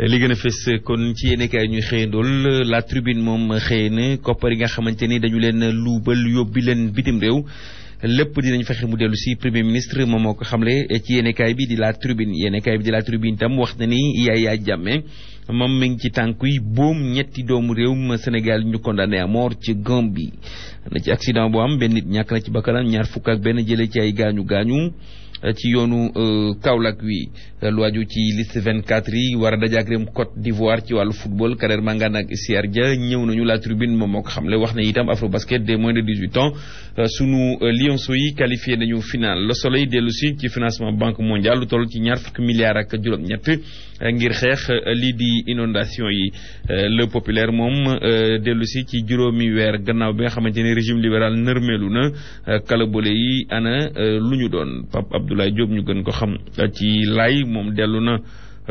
li gën a fës kon ci yéen kaay ñuy xëyandool la tribune moom xëy na koppar yi nga xamante ni dañu leen luubal yóbbi leen bitim réew lépp dinañ fexe mu dellu si premier ministre moom moo ko xamle ci yéen bi di la tribune yéen kaay bi di la tam wax na ni Yaya Jammeh moom mi ngi ci tànk yi boom ñetti doomu réew réewum Sénégal ñu condamné à ci ci bi na ci accident bu am benn nit ñàkk na ci bakkanam ñaar fukk ak benn jëlee ci ay gaañu gaañu. ci yoonu euh, Kaolack wi lu aju ci liste 24 yi war a dajaak réem Côte d'Ivoire ci wàllu football Kader Mangane ak Siar Dia ñëw nañu la tribune moom moo ko xamle wax na itam Afrobasket des moins de 18 ans euh, sunu euh, Lionceaux yi qualifié nañu final Le Soleil dellu si ci financement banque mondiale lu toll ci ñaar fukki milliards ak juróom-ñett ngir xeex lii di inondation yi Le Populaire moom dellu si ci juróomi weer gannaaw bi nga xamante ne régime libéral nërmeelu na kalabole yi ana lu ñu doon Abdoulaye Diop ñu gën ko xam ci lay moom dellu na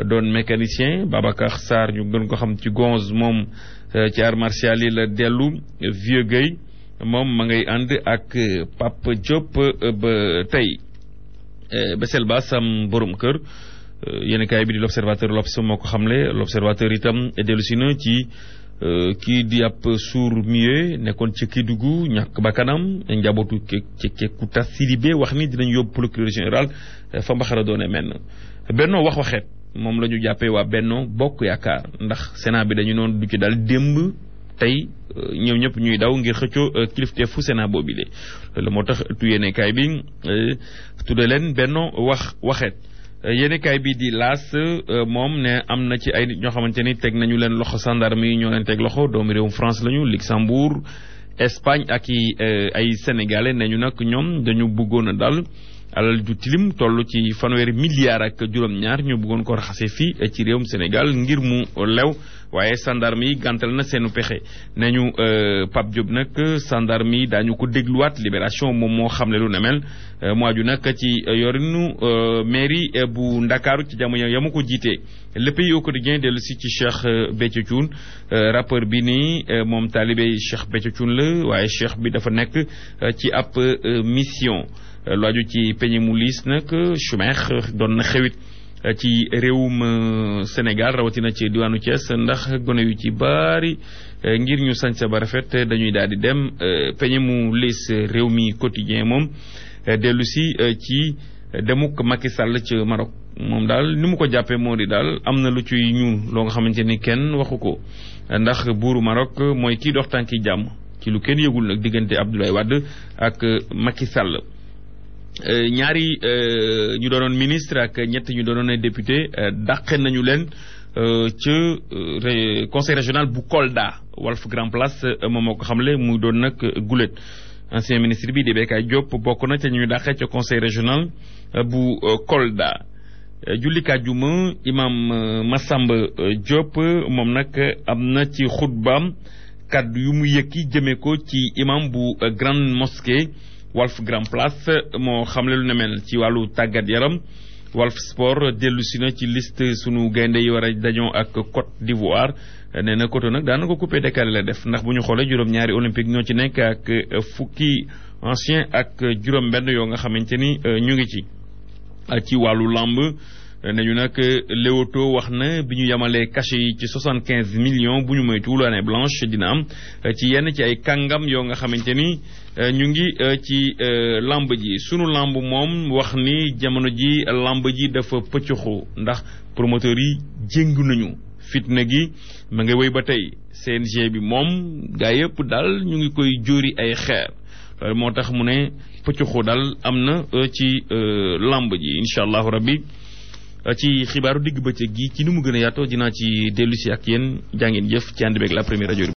doon mécanicien Babacar Sarr ñu gën ko xam ci gonze moom euh, ci art martial yi la dellu Vieux Guèye moom ma ngay ànd ak euh, Pape Diop euh, ba tey Bessel Ba sam borom kër yéen kaay bi di l'observateur l'Obs moo ko xamle l'observateur itam dellu na ci Euh, kii di ab sourd muet nekkoon ca Kédougou ñàkk ba bakkanam njabootu ci Kouta Sidibé wax ni dinañ yóbbu procureur général euh, fa mbaxara doone menn bennoo wax waxeet moom la ñu jàppee waa bennoo bokk yaakaar ndax Sénat bi dañu noonu du ci démb tey euh, ñëw ñëpp ñuy daw ngir xëccoo kilifte fu Sénat boobu le moo tax tuyéene kaay bi tudde leen bennoo wax waxet Euh, yéenekaay bi di laas euh, moom ne am na ci ay nit ñoo xamante ni teg nañu leen loxo gendarme yi ñoo leen teg loxo doomu réewum France lañu Luxembourg Espagne ak i euh, ay sénégalais nañu nag ñoom dañu bëggoon a dal alal ju tilim toll ci fanweeri milliards ak juróom-ñaar ñu buggoon ko raxasee fii ci réewum Sénégal ngir mu lew waaye sandarme yi gàntal na seenu pexe nañu euh, Pape job nag sandarme yi daañu ko dégluwaat libération moom moo xamle lu ne mel euh, mu aju nag ci yorinu euh, mairie bu Ndakaaru ci jamono yamu ko jiitee lépp Pays au quotidien dellu ci Cheikh Béthio Thioune rappeur bi nii moom taalibe Cheikh Béthio la waaye Cheikh bi dafa nekk ci ab mission lu aju ci peñe mu liis nag chumex doon na xewit eh, ci réewum eh, Sénégal rawatina ci diwaanu Thiès ndax gone yu ci baari eh, ngir ñu sañsa ba rafet dañuy daal di dem peñe mu liis réew mi quotidien moom dellusi ci demuk Macky Sall ci Maroc moom daal ni mu ko jàppee moo di daal am na lu ci ñuul loo nga xamante ni kenn waxu ko ndax buuru Maroc mooy kii dox tànki jàmm ci lu kenn yëgul nag diggante Abdoulaye Wade ak Macky Euh, ñaari euh, ñu doonoon ministre ak ñett ñu doonoon député euh, dàqe nañu leen ci conseil régional bu Kolda Walf Grand Place moom moo xam le mu doon nag gulet ancien ministre bi di Bécaye Diop bokk na ca ñu dàqe ca conseil régional bu Kolda julli kàjjuma imam Massamba Diop moom nag am na ci xutbaam kàddu yu mu yëkki jëmee ko ci imam bu grand mosquée Walf Grand Place moo xamle lu ne mel ci wàllu tàggat yaram Walf Sport dellusi na ci liste sunu gaynde yi war a dañoo ak Côte d'Ivoire nee na Cotonou nag daana ko coupé décalé la def ndax bu ñu xoolee juróom-ñaari olympique ñoo ci nekk ak euh, fukki ancien ak juróom-benn yoo nga xamante ni euh, ñu ngi ci ci wàllu làmb nañu nag Leewtoo wax na bi ñu yamalee cachet yi ci soixante quinze millions bu ñu moytuwul année blanche dina am ci yenn ci ay kàngam yoo nga xamante ni ñu ngi ci làmb ji sunu làmb moom wax ni jamono ji lamb ji dafa pëccuxu ndax promoteurs yi jéngu nañu fitna gi ma nga wéy ba tey seen CNG bi moom gaa yëpp daal ñu ngi koy jóori ay xeer moo tax mu ne pëccuxu dal am na ci làmb ji incha allahu rabbi ci xibaaru digg bëccëg gi ci ni mu gën a yaatoo dinaa ci dellu si ak yéen jaa ngeen jëf ci ànd beeg la première rajo